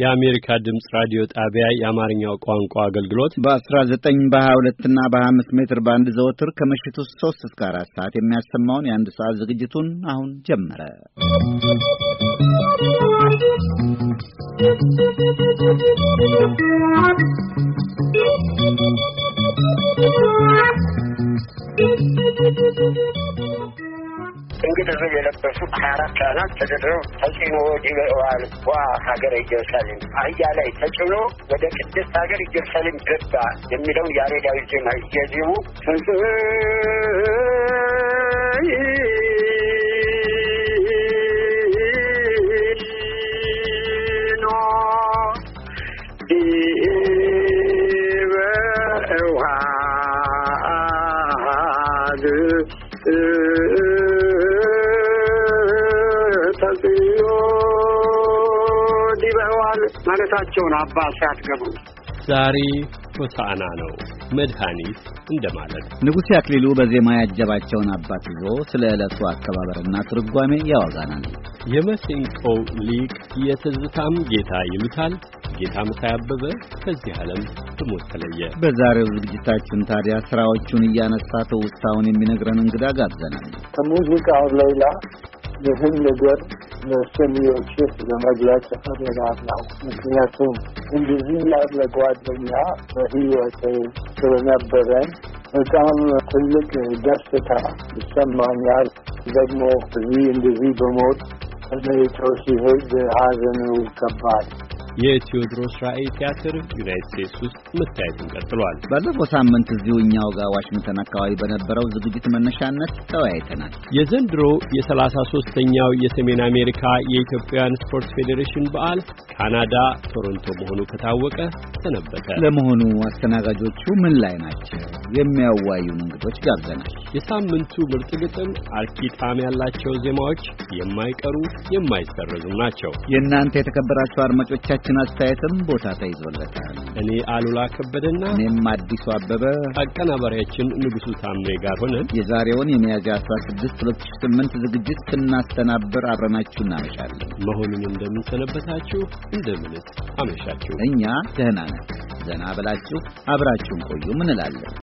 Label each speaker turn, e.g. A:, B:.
A: የአሜሪካ ድምፅ ራዲዮ ጣቢያ የአማርኛው ቋንቋ አገልግሎት በ19 በ22 እና በ25 ሜትር ባንድ ዘወትር ከምሽቱ 3 እስከ 4 ሰዓት የሚያሰማውን የአንድ ሰዓት ዝግጅቱን አሁን ጀመረ።
B: ¶¶ እንግዲህ የለበሱ ሀያ አራት ካህናት ተደርድረው ተጭኖ ዲበዋል ዋ ሀገረ ኢየሩሳሌም አህያ ላይ ተጭኖ ወደ ቅድስት ሀገር ኢየሩሳሌም ገባ የሚለው ያሬዳዊ ዜማ እየዜሙ Uh... ሞተዋል ማለታቸውን አባ ሳያት
A: ዛሬ
C: ሆሳዕና ነው መድኃኒት እንደማለት
A: ንጉሴ አክሊሉ በዜማ ያጀባቸውን አባት ይዞ ስለ ዕለቱ አከባበርና ትርጓሜ ያወዛናል
C: የመሰንቆው ሊቅ የትዝታም ጌታ ይሉታል። ጌታ መሳይ አበበ ከዚህ ዓለም በሞት ተለየ።
A: በዛሬው ዝግጅታችን ታዲያ ስራዎቹን እያነሳ ትውስታውን የሚነግረን እንግዳ ጋብዘናል።
B: ከሙዚቃው ሌላ ይህን ነገር ለሰሚዎች ለመግለጽ እፈልጋለሁ። ምክንያቱም እንደዚህ ያለ ጓደኛ በህይወቴ ስለነበረን በጣም ትልቅ ደስታ ይሰማኛል። ደግሞ እዚህ እንደዚህ በሞት ተለይቶ ሲሄድ ሀዘኑ ይከባል።
A: የቴዎድሮስ ራእይ ቲያትር ዩናይት ስቴትስ ውስጥ መታየቱን ቀጥሏል። ባለፈው ሳምንት እዚሁ እኛው ጋር ዋሽንግተን አካባቢ በነበረው ዝግጅት መነሻነት ተወያይተናል። የዘንድሮ
C: የሰላሳ ሶስተኛው የሰሜን አሜሪካ የኢትዮጵያውያን ስፖርት ፌዴሬሽን በዓል ካናዳ ቶሮንቶ መሆኑ ከታወቀ ሰነበተ።
A: ለመሆኑ አስተናጋጆቹ ምን ላይ ናቸው? የሚያዋዩን እንግዶች ጋብዘናል።
C: የሳምንቱ ምርጥ ግጥም አርኪ ጣዕም ያላቸው ዜማዎች የማይቀሩ የማይሰረዙም ናቸው።
A: የእናንተ የተከበራችሁ አድማጮቻችን አስተያየትም ቦታ ተይዞለታል። እኔ አሉላ ከበደና እኔም አዲሱ አበበ አቀናባሪያችን ንጉሱ ታምሬ ጋር ሆነን የዛሬውን የሚያዝያ 16 2008 ዝግጅት ስናስተናብር አብረናችሁ እናመሻለን። መሆኑን እንደምንሰነበታችሁ
B: እንደምንስ አመሻችሁ። እኛ ደህና ነን። ዘና ብላችሁ አብራችሁን ቆዩ እላለን?